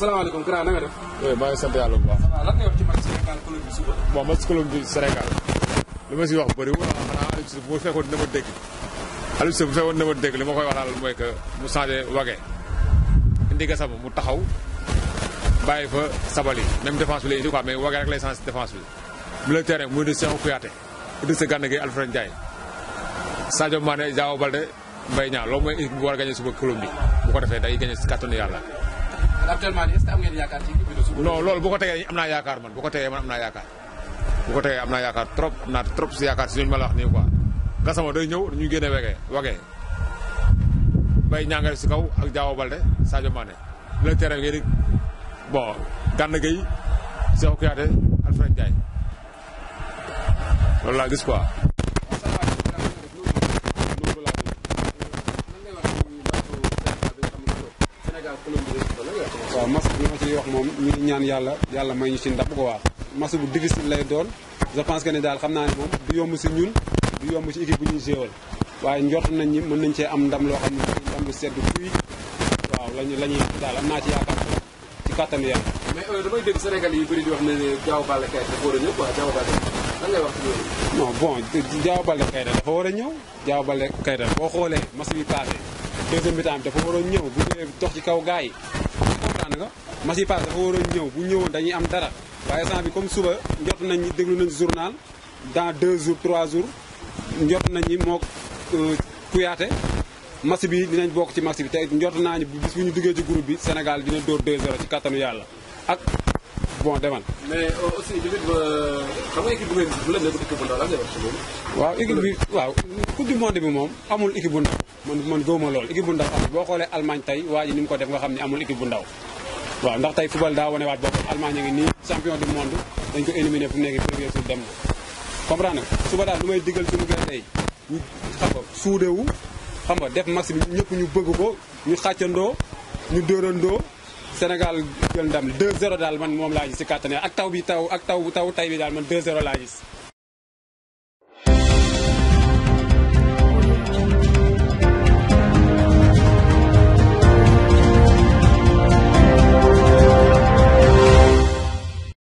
salaamaaleykum Kara na nga bu baax. waaw lan Colombie Sénégal li ma si wax bëriwul ah, xanaa Aliou Cissé bu fekkoon dina ma dégg bu fekkoon dina ma dégg li ma koy wax daal mooy que mu changé wage indi Gassama mu taxaw bàyyi fa Sabaly même défense bi lay indi quoi mais wage rek lay changé défense bi. milieu terrain mu indi Cheikhou Kouyaté Idrissa Gana Gueye Alfred Ndiaye Sadio Mané Diao Baldé Mbaye Niang loolu mooy équipe bu war a suba Colombie bu ko defee day gagné si kàttanu yàlla. actuellement nii est ce que am ngeen yaakaar ci équipe bi de suba. non loolu bu ko tegee am naa yaakaar man bu ko tegee man am naa yaakaar bu ko tegee am naa trop nah, trop si yaakaar bay si kaw ak Sadio Mané le terrain Kouyaté Alfred gis quoi. waaw mas bi ma ciy wax moom ñu ñaan yàlla yàlla may ñu ci ndam ko waa mas bu difficile lay doon je pense que ne daal xam naa ne moom du yomb si ñun du yomb si équipe bu ñuy géwal waaye njort nañ ñi mën nañ cee am ndam loo xam ne ndam bu sedd kuy waaw lañu la ñuy daal am naa ci yaakaar ci kàttanu yàlla mais euh, damay dégg Sénégal yi bëri di wax ne Diao Baldé Keita dafa war a ñëw quoi Diao Baldé war a ñëw Diao Baldé Keita boo xoolee mas bi passé deuxième mi-temps bi dafa war a ñëw bu ñëwee ci kaw gars yi comprendre nga match dafa waroon ñëw bu ñëwoon dañuy am dara waaye sant bi comme suba njot nañ ñi déglu nañ journal dans deux jours trois jours njot nañ ñi moo euh, kuyaate match bi dinañ bokk ci match bi te njot naa ñu bis bu ñu duggee ci groupe bi Sénégal dina dóor 2-0 ci kattanu yàlla ak bon demal. mais euh, aussi tamit euh, xam nga équipe waaw équipe bi waaw coupe du monde bi moom amul équipe bu ndaw man man gëwuma lool équipe bu ndaw amul boo xoolee Allemagne tey waa ji ni mu ko def nga xam ne amul équipe bu ndaw. waaw ndax tey football daa wane waat boppam Allemagne ñu ngi nii champion du monde dañ ko éliminé fu mu nekk premier tour dem na comprendre nga suba daal lu may diggal suñu gerte yi ñu xam nga def max bi ñëpp ñu bëgg ko ñu xàccandoo ñu dóorandoo Sénégal jël ndam 2-0 daal man moom laa gis si kàttan ak taw bi taw ak taw taw tay bi daal man 2 laa gis